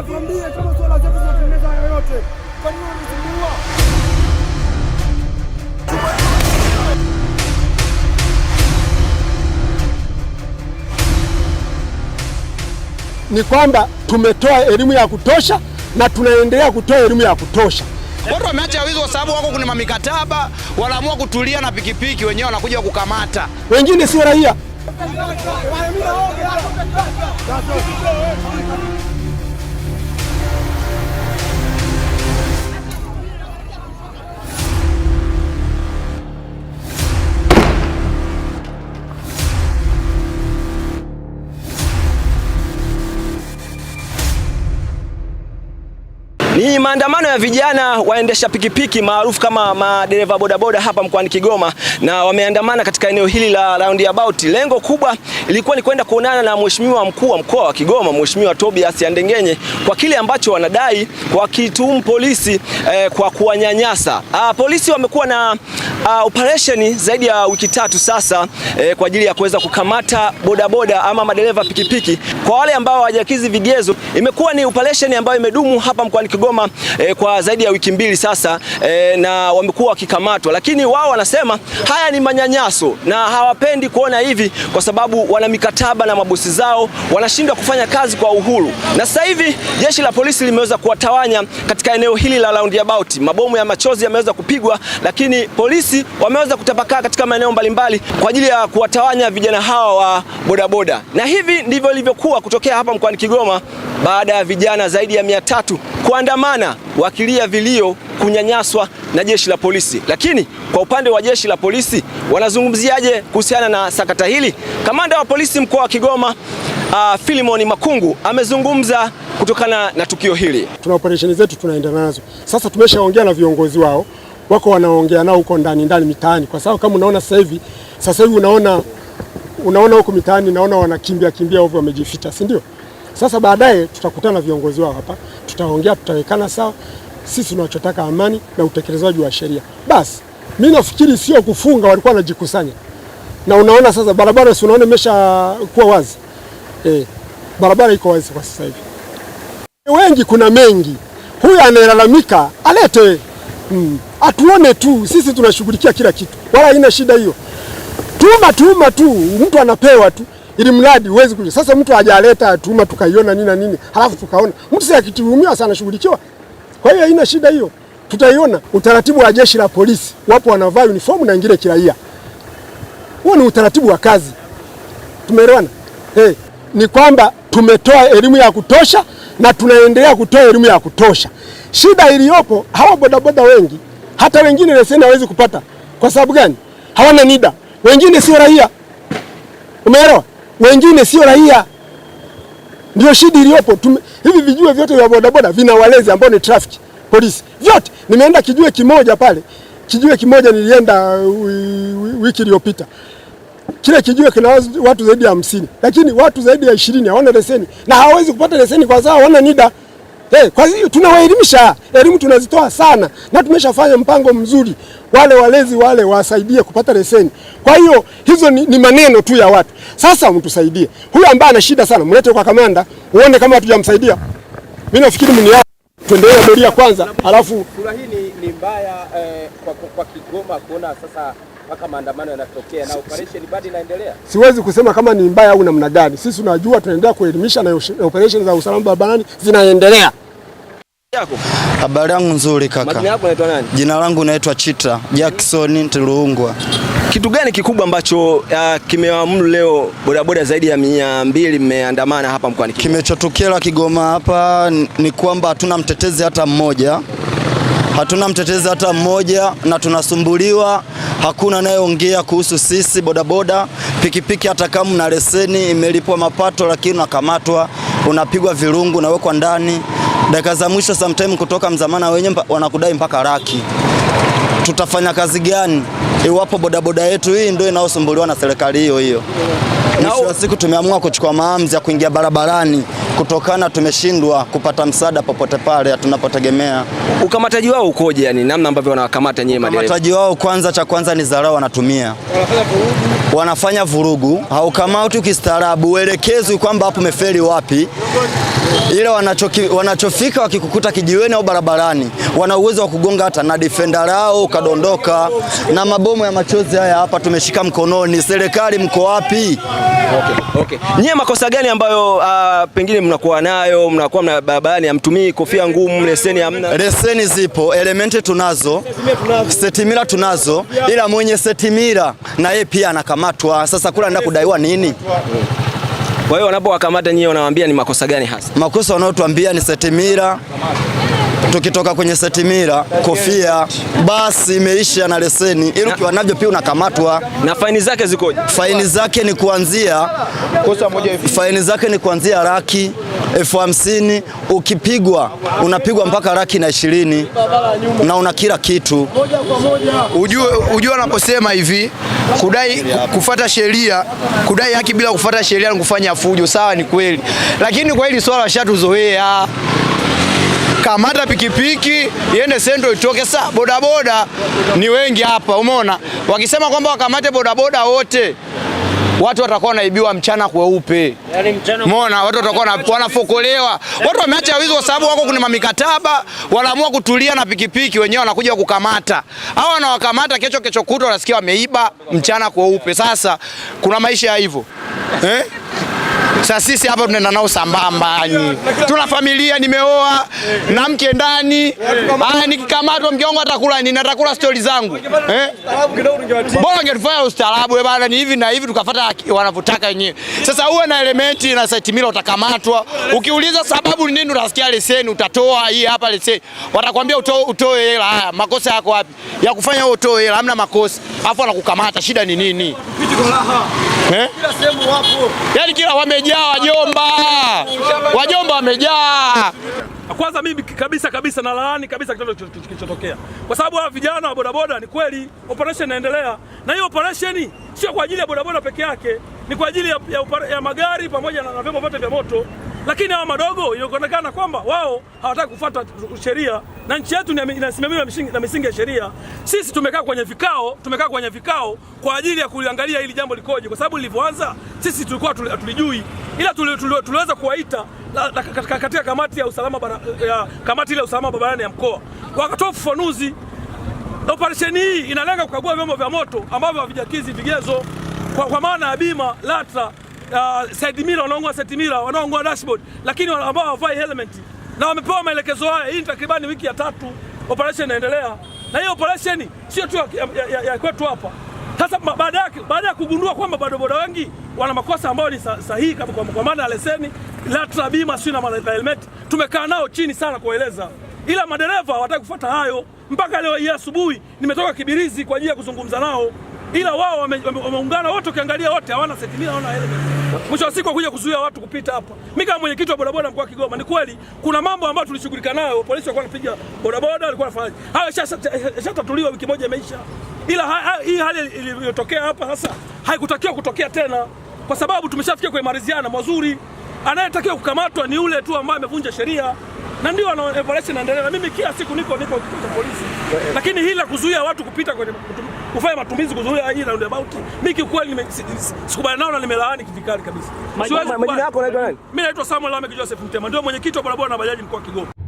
watuambie kama swala zetu zinatengeneza kwa nini Ni kwamba tumetoa elimu ya kutosha na tunaendelea kutoa elimu ya kutosha. Watu wameacha wizi kwa sababu wako kuna mamikataba, wanaamua kutulia na pikipiki, wenyewe wanakuja kukamata, wengine sio raia. maandamano ya vijana waendesha pikipiki maarufu kama madereva bodaboda hapa mkoani Kigoma, na wameandamana katika eneo hili la roundabout. Lengo kubwa ilikuwa ni kwenda kuonana na mheshimiwa mkuu wa mkoa wa Kigoma, Mheshimiwa tobias Andengenye kwa kile ambacho wanadai wakituhumu polisi eh, kwa kuwanyanyasa. Ah, polisi wamekuwa na ah, operation zaidi ya wiki tatu sasa eh, kwa ajili ya kuweza kukamata bodaboda ama madereva pikipiki. Kwa wale ambao hawajakizi vigezo, imekuwa ni operation ambayo imedumu hapa mkoani Kigoma e, kwa zaidi ya wiki mbili sasa e, na wamekuwa wakikamatwa, lakini wao wanasema haya ni manyanyaso na hawapendi kuona hivi, kwa sababu wana mikataba na mabosi zao, wanashindwa kufanya kazi kwa uhuru. Na sasa hivi jeshi la polisi limeweza kuwatawanya katika eneo hili la roundabout, mabomu ya machozi yameweza kupigwa, lakini polisi wameweza kutapakaa katika maeneo mbalimbali kwa ajili ya kuwatawanya vijana hawa wa bodaboda, na hivi ndivyo ilivyokuwa kutokea hapa mkoani Kigoma baada ya vijana zaidi ya mia tatu kuandamana wakilia vilio kunyanyaswa na jeshi la polisi. Lakini kwa upande wa jeshi la polisi wanazungumziaje kuhusiana na sakata hili? Kamanda wa polisi mkoa wa Kigoma uh, ah, Filimoni Makungu amezungumza kutokana na tukio hili. Tuna operesheni zetu tunaenda nazo sasa, tumeshaongea na viongozi wao, wako wanaongea nao huko ndani ndani mitaani, kwa sababu kama unaona sasa hivi sasa hivi unaona unaona huko mitaani, naona wanakimbia kimbia ovyo, wamejificha, si ndio? Sasa baadaye tutakutana na viongozi wao hapa tutaongea, tutawekana sawa. Sisi tunachotaka amani na utekelezaji wa sheria. Basi mi nafikiri sio kufunga, walikuwa wanajikusanya na unaona sasa barabara, si unaona imesha kuwa wazi e, barabara iko wazi kwa sasa hivi. Wengi kuna mengi, huyu anayelalamika alete mm, atuone tu, sisi tunashughulikia kila kitu, wala haina shida hiyo. Tuma tuma tu, mtu anapewa tu ili mradi uweze kuja. Sasa mtu hajaleta tuma tukaiona nini na nini, halafu tukaona mtu si akitumia sana shughulikiwa. Kwa hiyo haina shida hiyo, tutaiona. Utaratibu wa jeshi la polisi, wapo wanavaa uniform na wengine kiraia, huo ni utaratibu wa kazi. Tumeelewana hey? Eh, ni kwamba tumetoa elimu ya kutosha na tunaendelea kutoa elimu ya kutosha. Shida iliyopo hawa bodaboda wengi, hata wengine leseni hawezi kupata. Kwa sababu gani? Hawana NIDA, wengine sio raia. Umeelewa? wengine sio raia. Ndio shida iliyopo. Hivi vijue vyote vya bodaboda vina walezi ambao ni traffic polisi, vyote. Nimeenda kijue kimoja pale, kijue kimoja nilienda uh, wiki iliyopita kile kijue kina watu zaidi ya hamsini, lakini watu zaidi ya ishirini hawana leseni na hawawezi kupata leseni kwa sababu hawana NIDA. Hey, eh, kwa hiyo tunawaelimisha, elimu tunazitoa sana na tumeshafanya mpango mzuri, wale walezi wale wasaidie kupata leseni. Kwa hiyo hizo ni, ni maneno tu ya watu. Sasa mtusaidie huyo ambaye ana shida sana, mlete kwa kamanda uone kama hatujamsaidia. Mimi nafikiri mniao tuendelee na doria kwanza, alafu sura hii ni, ni mbaya eh, kwa, kwa kwa Kigoma kuona sasa mpaka maandamano yanatokea na operation bado inaendelea. Siwezi kusema kama ni mbaya au namna gani, sisi tunajua tunaendelea kuelimisha na operation za usalama barabarani zinaendelea. Habari yangu nzuri kaka. Majina yako unaitwa nani? Jina langu naitwa Chita Jackson Ntiruungwa. Kitu gani kikubwa ambacho uh, kimewaamuru leo bodaboda zaidi ya mia mbili mmeandamana hapa mkoani Kimechotokea Kigoma hapa ni kwamba hatuna mtetezi hata mmoja, hatuna mtetezi hata mmoja na tunasumbuliwa, hakuna anayeongea kuhusu sisi bodaboda, pikipiki. Hata kama una leseni imelipwa mapato, lakini unakamatwa, unapigwa virungu, unawekwa ndani dakika za mwisho sometime kutoka mzamana mpa, wanakudai mpaka laki. Tutafanya kazi gani iwapo bodaboda yetu hii ndio inayosumbuliwa na serikali hiyo hiyo? Mwisho wa siku tumeamua kuchukua maamuzi ya kuingia barabarani kutokana tumeshindwa kupata msaada popote pale tunapotegemea. Ukamataji wao ukoje? Yani namna ambavyo wanawakamata nyinyi madereva? Ukamataji wao kwanza, cha kwanza ni dharau wanatumia, wanafanya vurugu, haukamati ukistaarabu, uelekezwi kwamba hapo umefeli wapi, ila wanachoki, wanachofika wakikukuta kijiweni au barabarani, wana uwezo wa kugonga hata na defender lao ukadondoka, na mabomu ya machozi haya hapa tumeshika mkononi. Serikali mko wapi? Okay, okay. Nyie makosa gani ambayo uh, pengine mnakuwa nayo, mnakuwa mna barabarani, hamtumii kofia ngumu, leseni hamna. Leseni zipo, elementi tunazo, setimira tunazo, ila mwenye setimira na yeye pia anakamatwa. Sasa kula nenda kudaiwa nini? Kwa hiyo wanapowakamata nyie wanawaambia ni makosa gani hasa? Makosa wanaotuambia ni setimira tukitoka kwenye setimira kofia, basi imeisha na leseni, ili ukiwa navyo pia unakamatwa. Na faini zake zikoje? Faini zake ni kuanzia faini zake ni kuanzia laki elfu hamsini ukipigwa unapigwa mpaka laki na ishirini na una kila kitu. Ujue, ujue anaposema hivi kudai kufata sheria, kudai haki bila kufata sheria ni kufanya fujo. Sawa, ni kweli, lakini kwa hili swala shatuzoea kamata pikipiki iende sendo itoke. Sasa bodaboda ni wengi hapa, umeona wakisema kwamba wakamate bodaboda wote watu watakuwa wanaibiwa mchana kweupe, yaani umeona watu watakuwa wanafokolewa. Watu wameacha wizi kwa sababu wako kuna mamikataba, wanaamua kutulia na pikipiki, wenyewe wanakuja kukamata au wanawakamata kesho kesho kutwa, wanasikia wameiba mchana kweupe. Sasa kuna maisha ya hivyo eh? Sasa sisi hapa tunaenda nao sambamba, yani tuna familia, nimeoa na mke ndani. Haya, nikikamatwa mke wangu atakula nini? Atakula stori zangu eh? Bora ungetufanya ustaarabu bana, ni hivi na hivi, tukafuata wanavyotaka wenyewe. Sasa uwe na elementi na site mila, utakamatwa. Ukiuliza sababu ni nini, unasikia leseni, utatoa hii hapa leseni, watakwambia utoe uto hela. Haya, makosa yako wapi ya kufanya utoe hela? Hamna makosa, afu anakukamata. Shida ni nini? Eh? Kila sehemu wapo. Yaani kila wamejaa wajomba. Wajomba wamejaa. Kwanza mimi kabisa kabisa na laani kabisa kitendo kilichotokea, kwa sababu hawa vijana wa bodaboda, ni kweli operation inaendelea, na hiyo operation sio kwa ajili ya bodaboda peke yake, ni kwa ajili ya, ya, ya magari pamoja na vyombo vyote vya moto lakini hawa madogo inaonekana kwamba wao hawataki kufuata sheria na nchi yetu inasimamiwa na misingi ya sheria. Sisi tumekaa kwenye vikao, tumekaa kwenye vikao kwa ajili ya kuliangalia hili jambo likoje, kwa sababu lilivyoanza sisi tulikuwa hatulijui, ila tuliweza kuwaita katika kamati ya usalama ya kamati ile ya usalama barabarani ya mkoa, wakatoa ufafanuzi. Operesheni hii inalenga kukagua vyombo vya moto ambavyo havijakizi vigezo kwa, kwa maana ya bima LATRA uh, side mirror wanaong'oa side mirror, wanaong'oa dashboard, lakini ambao hawavai helmet na wamepewa maelekezo haya. Hii ni takribani wiki ya tatu operation inaendelea, na hiyo operation sio tu ya, ya, ya, ya kwetu hapa. Sasa baada yake baada ya kugundua kwamba bodaboda wengi wana makosa ambayo ni sahihi kwa, kwa maana ya leseni, LATRA, bima sio na helmet, tumekaa nao chini sana kueleza, ila madereva hawataki kufuata hayo. Mpaka leo hii asubuhi nimetoka Kibirizi kwa ajili ya kuzungumza nao ila wao wameungana wote, ukiangalia wote hawana mimi naona elements. Mwisho wa siku wakuja kuzuia watu kupita hapa. Mimi kama mwenyekiti wa bodaboda mkoa wa Kigoma, ni kweli kuna mambo ambayo tulishughulika nayo, polisi walikuwa wanapiga bodaboda, walikuwa wanafanya hayo, ishatatuliwa, wiki moja imeisha, ila hii hali iliyotokea hapa sasa haikutakiwa kutokea tena, kwa sababu tumeshafikia kwenye maridhiano mazuri. Anayetakiwa kukamatwa ni yule tu ambaye amevunja sheria, na ndio operation inaendelea, na mimi kila siku niko niko kwa polisi, lakini hili la kuzuia watu kupita kwenye kufanya matumizi, kuzuia hii roundabout, mimi kiukweli sikubaliana nao na nimelaani kivikali kabisa. Mimi naitwa Samuel Lameck Joseph Mtema, ndio mwenyekiti wa barabara na bajaji mkoa wa Kigoma.